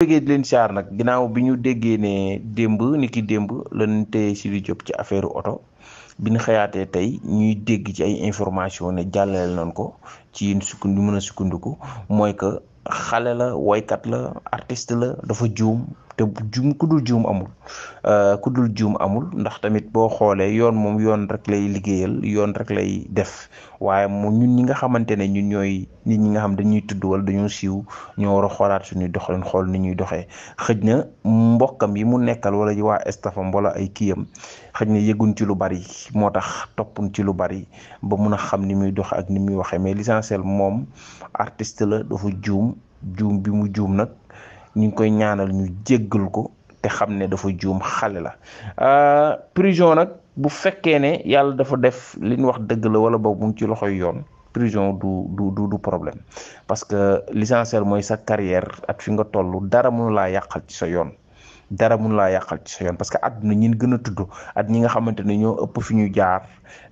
bëggee di leen siyaar nag ginnaaw bi ñu déggee ne démb ni ki démb lañ téye Sidi ci affaire oto bi ñu xëyaatee tey ñuy dégg ci ay information ne jàllale nañ ko ci yéen sukkandiku mën a sukkandiku mooy que xale la woykat la artiste la dafa juum te juum ku dul juum amul euh, ku dul juum amul ndax tamit boo xoolee yoon moom yoon rek lay liggéeyal yoon rek lay def waaye mu ñun ñi nga xamante ne ñun ñooy nit ñi nga xam dañuy tudd wal dañoo siiw ñoo war a xoolaat suñuy doxalin xool ni ñuy doxee xëj na mbokkam yi mu nekkal wala waa stafam wala ay kii kiyam xëj na yëguñ ci lu bari moo tax toppuñ ci lu bari ba mun a xam ni muy doxe ak ni muy waxee mais l'essentiel moom artiste la dafa juum juum bi mu juum nag ñu ngi koy ñaanal ñu jéggal ko te xam ne dafa juum xale la euh, prison nag bu fekkee ne yàlla dafa def li ñu wax dëgg la wala boog mu ci loxoy yoon prison du du du problème parce que l'essentiel mooy sa carrière ak fi nga toll dara mënu laa yàqal ci sa yoon dara mun laa yàqal ci sa yoon parce que adduna ñin gën a tudd at ñi nga xamante ne ñoo ëpp fi ñu jaar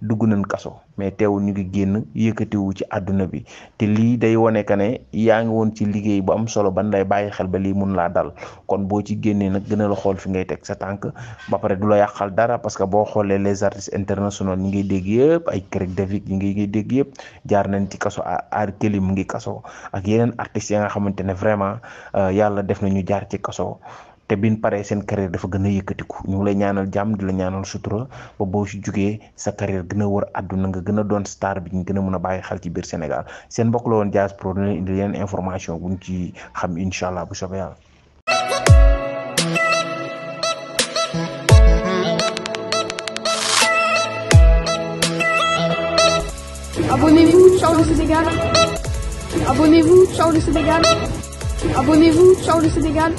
dugg nañ kaso mais teewul ñu ngi génn yëkkatiwu ci àdduna bi te lii day wane que ne yaa ngi woon ci liggéey bu am solo ban lay bàyyi xel ba lii mun laa dal kon boo ci génnee nag gën a la xool fi ngay teg sa tànk ba pare du la yàqal dara parce que boo xoolee les artistes internationaux ñi ngay dégg yëpp ay Craig David ñi ngay dégg yëpp jaar nañ ci kaso Ari Kelly mu ngi kaso ak yeneen artistes yi nga xamante ne vraiment euh, yàlla def nañu jaar ci kaso té biñ paré sen carrière dafa gëna a yëkkatiku ñu lay ñaanal jamm di la ñaanal sutura ba bo ci juggé sa carrière gëna wër aduna nga gëna doon star bi gëna mëna bayyi xal ci biir Sénégal sen bokk la won jazz Pro dina indi yeen information buñ ci xam inshallah bu soobee yàlla. Abonnez-vous, ciao le Sénégal. Abonnez-vous, ciao le Sénégal. Abonnez-vous, ciao le Sénégal.